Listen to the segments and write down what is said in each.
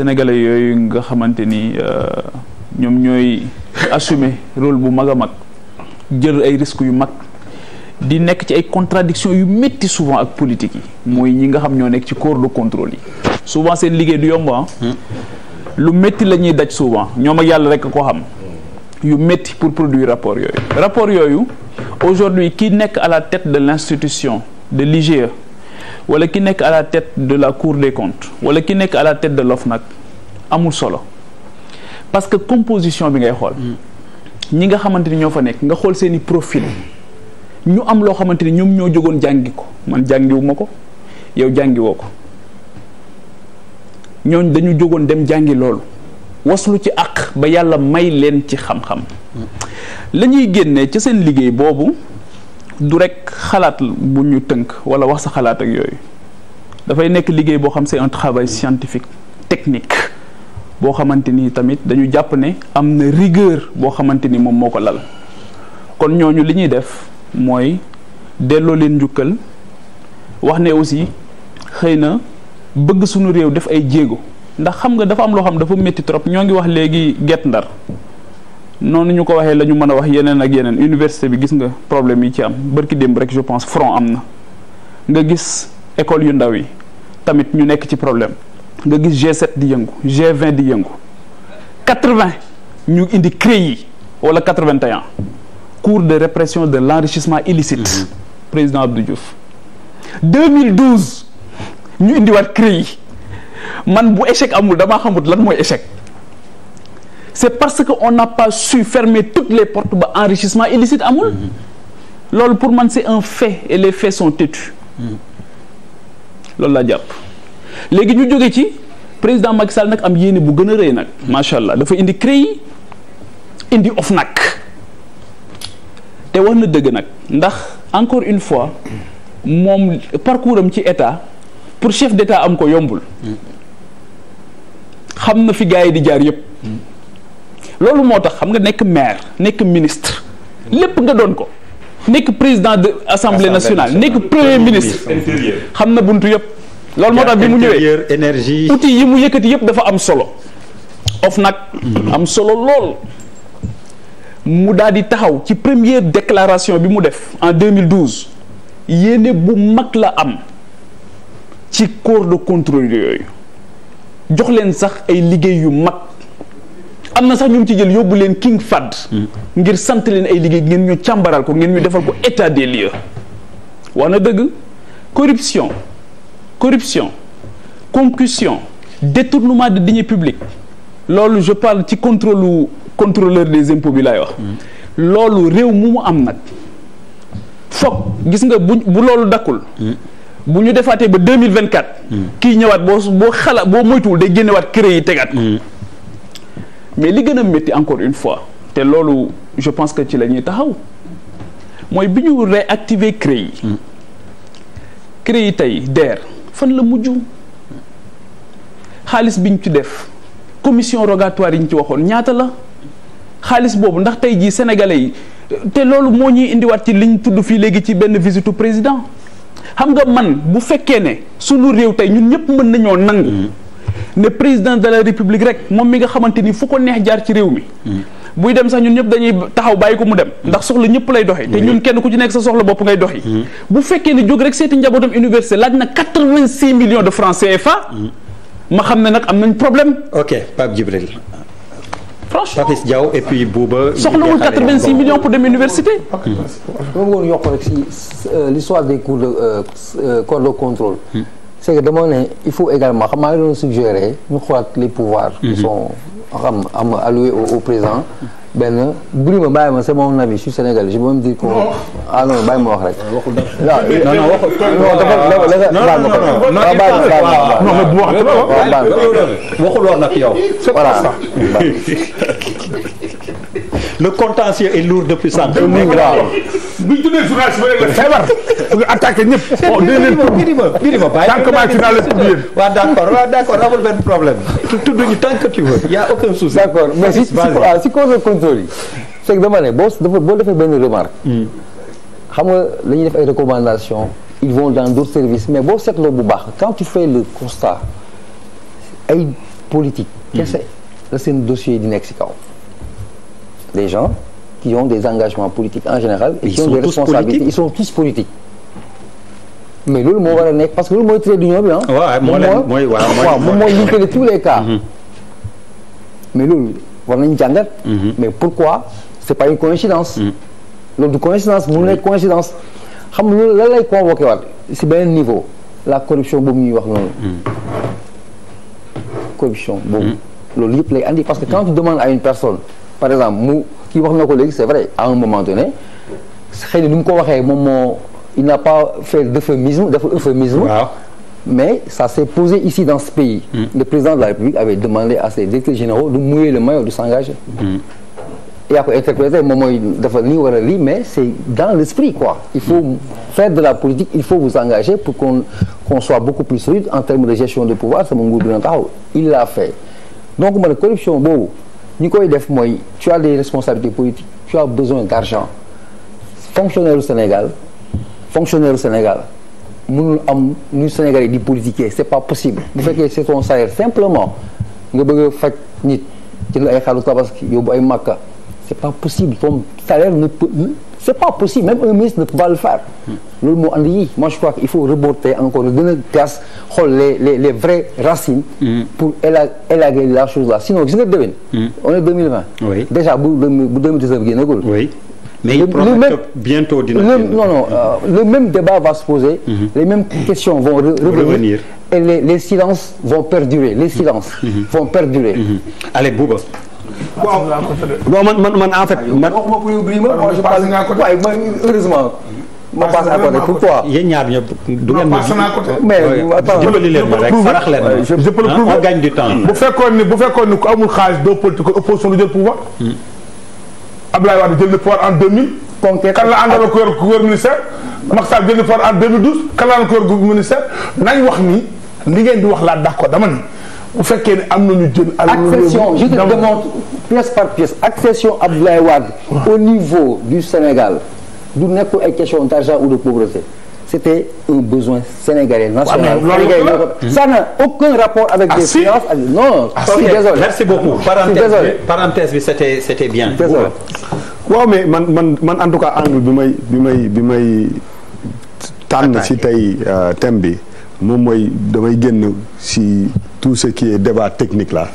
sénégalais yooyu nga xamante ni euh, ñoom ñooy assumer rôle bu mag a mag jël ay risques yu mag di nekk ci ay contradiction yu métti souvent ak politique yi mooy ñi nga xam ñoo nekk ci corps de contrôle yi souvent seen liggéey du yomb ah. hmm. lu métti la ñuy daj souvent ñoom ak yàlla rekk ko xam yu métti pour produit rapport yooyu rapport yooyu aujourd'hui ki nekk à la tête de l'institution de l'IGE wala ki nekk à la tête de la cour des comptes wala ki nekk à la tête de l'OFNAC amul solo parce que composition bi ngay xool ñi nga xamante ni ñoo fa nekk nga xool seeni profil ñu am loo xamante ni ñoom ñoo jógoon jàngi ko man jàngiwu ma ko yow jàngiwoo ko ñooñ dañu jógoon dem jàngi loolu waslu ci àq ba yàlla may leen ci xam-xam la ñuy génnee ca seen liggéey boobu du rek xalaat bu ñu tënk wala wax sa xalaat ak yooyu dafay nekk liggéey boo xam c'est un travail scientifique technique boo xamante ni tamit dañu jàpp ne am na rigueur boo xamante ni moom moo ko lal kon ñooñu li ñuy def mooy delloo leen njukkal wax ne aussi xëy na bëgg suñu réew def ay jéego ndax xam nga dafa am loo xam dafa métti trop ñoo ngi wax léegi Guet Ndar noonu ñu ko waxee la ñu mën a wax yeneen ak yeneen université bi gis nga problème yi ci am bërki démb rek je pense front am na nga gis école yu ndaw yi tamit ñu nekk ci problème nga gis G7 di yëngu G20 di yëngu 80 ñu indi CREI yi wala 81 cours de répression de l'enrichissement illicite mm-hmm. président Abdou Diouf 2012 ñu indiwaat CREI yi man bu échec amul damaa xamut lan mooy échec c'est parce que on n'a pas su fermer toutes les portes ba enrichissement illicite amul mm-hmm. loolu pour man c'est un fait et les faits sont têtus mm-hmm. loolu laa jàpp léegi ñu jóge ci président Macky Sall nag am yéene bu gën a rëy nag macha allah dafa indi CREI indi nag te wax na dëgg nag ndax encore une fois moom parcours am ci état pour chef d'état am ko yombul mm-hmm. xam na fi gars yi di jaar yépp loolu moo tax xam nga nekk maire nekk ministre lépp nga doon ko nekk président de assemblée nationale nekk premier ministre xam na buntu yëpp loolu moo tax bi mu ñëwee énergie outil yi mu yëkkati yëpp dafa am solo of nag mhm. am solo lool mu daal di taxaw ci première declaration bi mu def en 2012 yéene bu mag la am ci corps de contrôle yooyu jox leen sax ay liggéey yu mag am na sax ñu ci jël yóbbu leen King Fahd hmm. ngir sant leen ay liggéey ngeen ñu càmbaral ko ngeen ñu defal ko état des lieux wax na dëgg corruption corruption concussion détournement de deniers publics loolu je parle ci contrôle contrôleur des impôts bi laay wax hmm. loolu réew mu mu am nag foog gis nga bu bu loolu dakkul hmm. bu ñu defaatee ba deux mille vingt quatre kii ñëwaat boo boo xalaat boo moytuwul day génnewaat kër yi tegaat mais li gën a métti encore une fois te loolu je pense que ci la ñuy taxaw mooy bi ñu réactiver CREI yi mm. CREI tey DER fan la mujj xaalis bi ñu ci def commission rogatoire yi ñu ci waxoon ñaata la xaalis boobu ndax tey jii sénégalais yi te loolu moo ñuy indiwaat ci liñ tudd fii léegi ci benn visitu président xam nga man bu fekkee ne sunu réew tey ñun ñëpp mën nañoo nangu. Mm. ne président de la république rek moom mi nga xamante ni fu ko neex jaar ci réew mi. buy dem sax ñun ñëpp dañuy taxaw bàyyi ko mu dem. ndax soxla ñëpp lay doxee. te ñun kenn ku ci nekk sa soxla bopp ngay doxi mm. bu fekkee ne jóg rek seeti njabootam université laaj na quatre-vingt-six de francs fa mm. ma xam ne nag am nañ problème. ok Pape Djibril. franchement Papis Diaw et puis Bouba. soxlawul 86 millions pour dem université. loolu woon yokk rek si euh, l'histoire des cours de euh, euh, corps de contrôle. Mm. c'est que dama ne il faut également xam maa ngi doon suggérer ñu xoolaat les pouvoirs qui mhm. sont xam am alloués au, au président benn Birima bàyyi ma c'est mon avis je suis sénégalais je peux même dire que ah non bàyyi ma wax rek. waxul dara non eh, non waxul. non dafa dafa baal ma ko. non baal ma ko yow. voilà le contentieux est lourd depuis sànq. muy grave. bu ñu tuddee journaliste ba rek la feebar attaqué ñëpp. tant que maa ci naa la tudd yéen. waaw d' accord waaw d' accord amul benn problème. tudd ñu tant que tu veux y' a aucun souci. d' accord mais si si conseil contrôle yi. c' est que dama ne boo boo defee benn remarque. Hmm. xam nga dañuy def ay recommandations. ils vont dans d' autres services mais boo seetloo bu baax quand tu fais le constat ay politique. Hmm. kese la seen dossier di nekk si kaw. les gens. qui ont des engagements politiques en général. et qui ont des responsabilités ils sont tous politiques. mais loolu moo war a nekk parce que loolu mooy trait d'union mooy mooy waaw tous les cas. Mhm. mais loolu war nañu jàngat. Mhm. mais pourquoi c'est pas une coïncidence. Mhm. loolu du coïncidence mu nekk coïncidence xam nga loolu lan lay convoqué waat si beneen niveau la corruption boobu ñuy wax noonu. corruption boobu. loolu yëpp lay andi parce que quand tu demandes à une par exemple mu kii wax na ko léegi c'est vrai à un moment donné xëy na ni mu ko waxee moom moo il n'a pas fait d'euphémisme dafa euphémisme waaw mais ça s'est posé ici dans ce pays hmm. le président de la République avait demandé à ses directeurs généraux de mouiller le maillot de s'engager mm. yaa interprété moom mooy dafa lii wala lii mais c'est dans l'esprit quoi il faut mm. de la politique il faut vous engager pour qu'on qu'on soit beaucoup plus solide en termes de gestion de pouvoir sama nguur dina taxaw il l'a fait donc man corruption boobu ñi koy def mooy tu as des responsabilités politiques tu as besoin d' argent fonctionnaire Sénégal fonctionnaire u Sénégal mënul am ñu Sénégalais di politiquer c' est pas possible bu fekkee c' est ton salaire simplement nga bëgg a faj nit jënd ay xalu tabaski yóbbu ay maka c'est pas possible comme salaire ne peut hmm, c'est pas possible même un ministre ne peut pas le faire hmm. loolu moo andi yi moi je crois qu'il faut reporter encore gën a gas xool les les les vraies racines hmm. pour élaguer la chose là sinon gis nga déwén on est 2020 oui déjà bu bu 2019 génnagul oui mais le, le même bientôt dina le, non non euh, le même débat va se poser mm -hmm. les mêmes questions vont re revenir, revenir et les, les silences vont perdurer les silences mm -hmm. vont perdurer mm -hmm. allez Bouba waaw non man man man en man ma waaye man heureusement. ñaar ñëpp du ngeen ma. mais dimbali leen ma rek ah, du temps. bu fekkoon ni bu fekkoon ni ku amul xaalis doo politique opposition lu jël pouvoir. Hmm. Abdoulaye Wade jël na pouvoir en 2000. Conquête kan la àndal ak ku yor ku yor ministère. Macky jël na pouvoir en 2012 kan la ministère nañ wax ni li ngeen di wax laa d'accord dama ni. bu fekkee ne am nañu jël. accession je te demande pièce par pièce accession Abdoulaye Wade. au niveau du Sénégal du nekkul ay question d'argent ou de pauvreté. c'était un besoin sénégalais national hmm. ça n'a aucun rapport avec ah, des finances ah, non désolé merci beaucoup parenthèse bi c'était c'était bien désolé waaw mais man man man en tout cas angle bi may bi may bi may tànn ci tey euh, thème bi moom mooy damay génn tout ce qui est débat technique la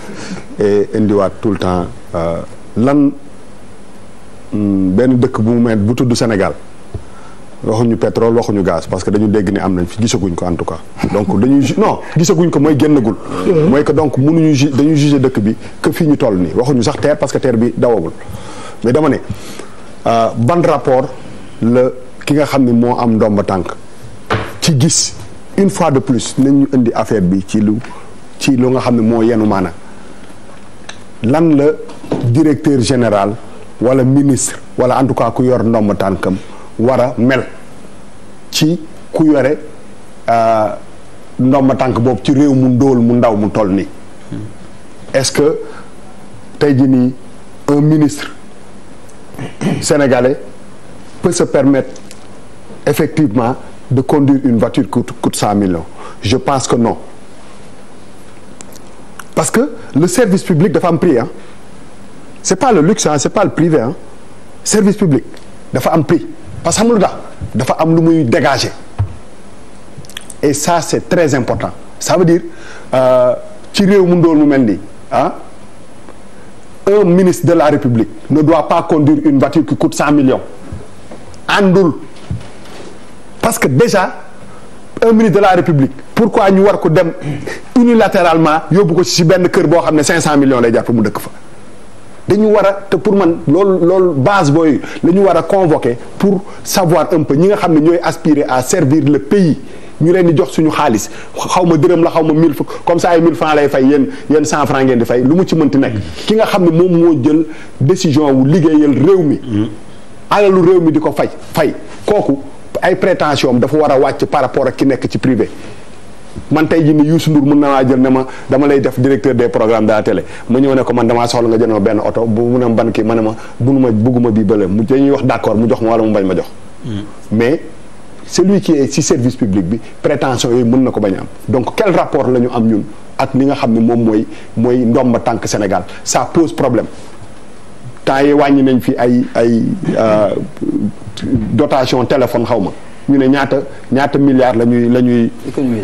et indiwaat tout le temps euh, lan hmm, benn dëkk bu mu mel bu tudd Sénégal waxuñu pétrole waxuñu gaz parce que dañu dégg ne am nañ fi gisaguñ ko en tout cas donc dañuy no gisaguñ ko mooy génnagul mooy que donc munuñu ju dañuy juger dëkk bi que fii ñu toll nii waxuñu sax terre parce que terre bi dawagul mais dama ne euh, ban rapport la ki nga xam ne moo am ndomba tànk ci gis une fois de plus nañ ñu indi affaire bi ci lu ci lu nga xam ne moo yenu maana lan la directeur général wala ministre wala en tout cas ku yor ndomb tànkam war a mel ci ku yore euh, ndomb tànk boobu ci réew mu ndool mu ndaw mu toll nii est-ce que tey jii nii un ministre sénégalais peut se permettre effectivement de conduire une voiture coute coûte cent millions je pense que non parce que le service public dafa am prix ah c'est pas le luxe ah c'est pas le privé service public dafa am prix parce que xam lu tax dafa am lu muy dégagé et ça c'est très important ça veut dire euh, ci réew mu ndóol mu mel nii ah un ministre de la République ne doit pas conduire une voiture qui coûte cent millions àndul parce que déjà un ministre de la république pourquoi ñu war ko dem unilatéralement yóbbu ko si benn kër boo xam ne 500 millions lay jàpp mu dëkk fa. dañu war a te pour man loolu loolu base booy la ñu war a convoquer pour savoir un peu ñi nga xam ne ñooy aspirer à servir le pays ñu leen di jox suñu xaalis xaw ma dërëm la xaw ma mille francs comme ça ay mille francs lay fay yéen yéen cent francs ngeen di fay lu mu ci mënti nekk. ki nga xam ne moom moo jël décision wu liggéeyal réew mi. alalu réew mi di ko fay fay kooku. ay prétention am dafa war a wàcc par rapport ak ki nekk ci privé man tey jii ni Youssou Ndour mën na maa jël ne ma dama lay def directeur des programmes de la télé ma ñëw ne ko man damaa soxla nga jënd ma benn oto bu mu ne ban kii ma ne ma bunuma bugguma bii bële mu dañuy wax d'accord mu jox ma wala mu bañ ma jox hmm. mais celui qui est ci service public bi prétention yooyu mën na ko bañ am donc quel rapport la ñu am ñun ak li nga xam ne moom mooy mooy ndomba tànk Sénégal ça pose problème temps yi wàññi nañ fi ay ay euh, dotation téléphone xaw ma ñu ne ñaata ñaata milliards la lañuy la ñuy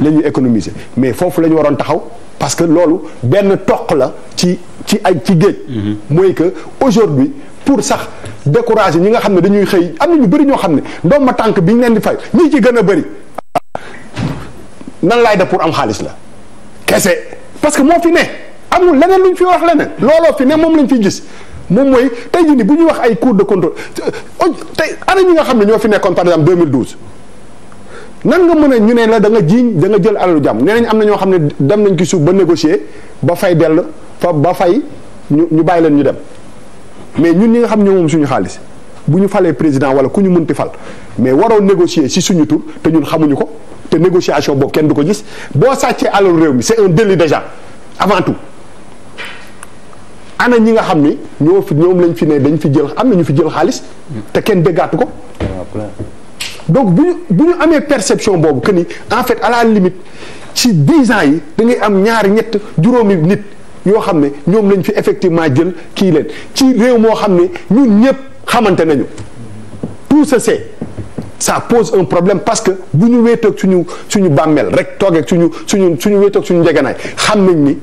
la ñuy économiser mais foofu la ñu waroon taxaw parce que loolu benn toq la ci ci ay ci géej mhm. mooy que aujourd'hui pour sax décourager ñi nga xam ne dañuy xëy am na ñu bëri ñoo xam ne ndoom ma tànk bi ñu leen di fay ñii ci gën a bëri nan laay def pour am xaalis la kese parce que moo fi ne amul leneen luñ fi wax leneen looloo fi ne moom lañ fiy gis moom mooy tey jii bu ñu wax ay cours de contrôle euh, tey année ñi nga xam ne ñoo fi nekkoon par exemple 2012 nan nga mën a ñu ne la danga nga jiiñ da jël alalu jàmm nee nañ am na ñoo xam ne dem nañ ci suuf ba négocier ba fay dell fa ba fay ñu ñu bàyyi leen ñu dem mais ñun ñi nga xam ñoo moom suñu xaalis bu ñu falee président wala ku ñu mënti fal mais waroo négocier si suñu tur te ñun xamuñu ko te négociation boobu kenn du ko gis boo sàccee alalu réew mi c'est un délit déjà avant tout. ana ñi nga xam ni ñoo fi ñoom lañ fi ne dañ fi jël am na fi jël xaalis te kenn déggaatu ko donc bu ñu bu ñu amee perception boobu que ni en fait à la limite ci dix yi da ngay am ñaari ñett juróomi nit yoo xam ne ñoom lañ fi effectivement jël kii leen ci réew moo xam ne ñun ñëpp xamante nañu tout ça pose un problème parce que bu ñu wéetoog suñu suñu bàmmeel rek toogeeg suñu suñu suñu wéetoog suñu njegenaay xam nañ ni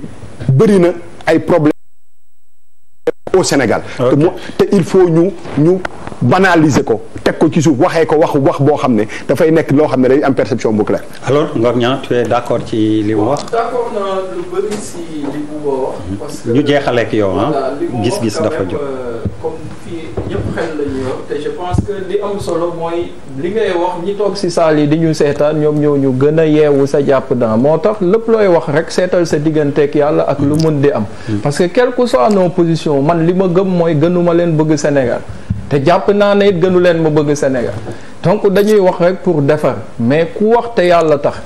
bëri na ay problème au Sénégal. te te il faut ñu ñu banaliser ko teg ko ci suuf waxee ko wax wax boo xam ne dafay nekk loo xam ne day am perception bu claire. alors Ngor Niang tu d' accord ci li mu wax. d' accord lekk lu bëri mhm. yow ah. gis-gis dafa jóg. Euh, li am solo mooy li ngay wax ñi toog si saal yi di ñu seetaan ñoom ñoo ñu gën a yeewu sa jàpp daan moo tax lépp looy wax rek seetal sa digganteeg yàlla ak lu mun di am. Mm-hmm. parce que quelle que soit nos positions man li ma gëm mooy gënuma leen bëgg Sénégal te jàpp naa ne it gënu leen ma bëgg Sénégal donc dañuy wax rek pour defar mais ku wax te yàlla tax.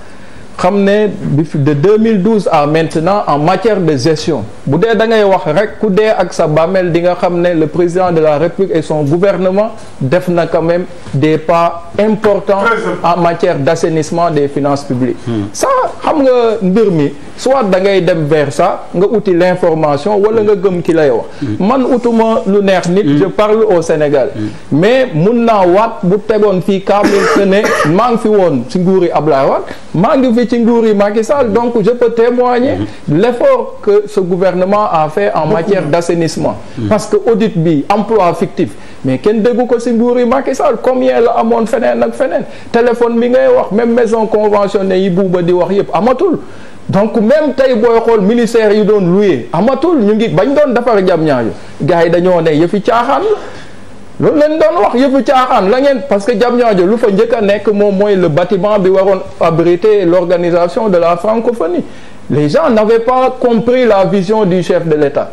xam ne de 2012 à maintenant en matière de gestion bu dee da ngay wax rek ku dee ak sa bàmmeel di nga xam ne le président de la République et son gouvernement def na quand même des pas importants en matière d'assainissement des finances publiques. Hmm. ça xam nga mbir mi. soit da ngay dem vers ça nga uti l'information wala nga gëm ki lay wax man utuma lu neex nit je parle au Sénégal mais mun naa waat bu tegoon fii kaamil que ne maa ngi fi woon ci nguuri ab Wade maa ngi fi ci nguuri Macky Sall donc je peux témoigner l'effort que ce gouvernement a fait en matière d'assainissement parce que audit bi emploi fictif mais kenn déggu ko ci nguuri Macky Sall combien la amoon feneen ak feneen téléphone bi ngay wax même maison conventionnée yi buuba di wax yëpp amatul donc même tey booy xool ministère yi doon loué amatul ñu ngi bañ doon defar jam ñaajo gars yi dañoo ne yëfi caaxaan la loolu lañ doon wax yëfi caaxaan la ngeen parce que jam ñaajo lu fa njëkk a nekk moom mooy le bâtiment bi waroon abriter l'organisation de la francophonie les gens n'avaient pas compris la vision du chef de l'État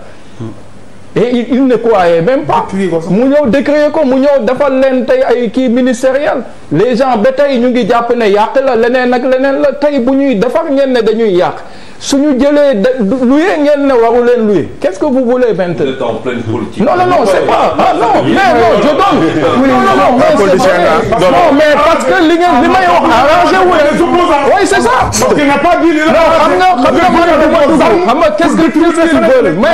et il, il ne croyait même pas mu ñëw décréter ko mu ñëw defal leen tey ay kii ministériel les ba tey ñu ngi jàpp ne yàq la leneen ak leneen la tey bu ñuy defar ngeen ne dañuy yàq suñu jëlee loué ngeen ne waru leen loué qu'est-ce que vous voulez maintenant. non non non c'est pas non mais non je donne. non non mais parce li ngeen li may wax arrangé wu leen. oui c'est ça. parce que nga pas dit non xam nga xam nga man du ma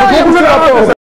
dugg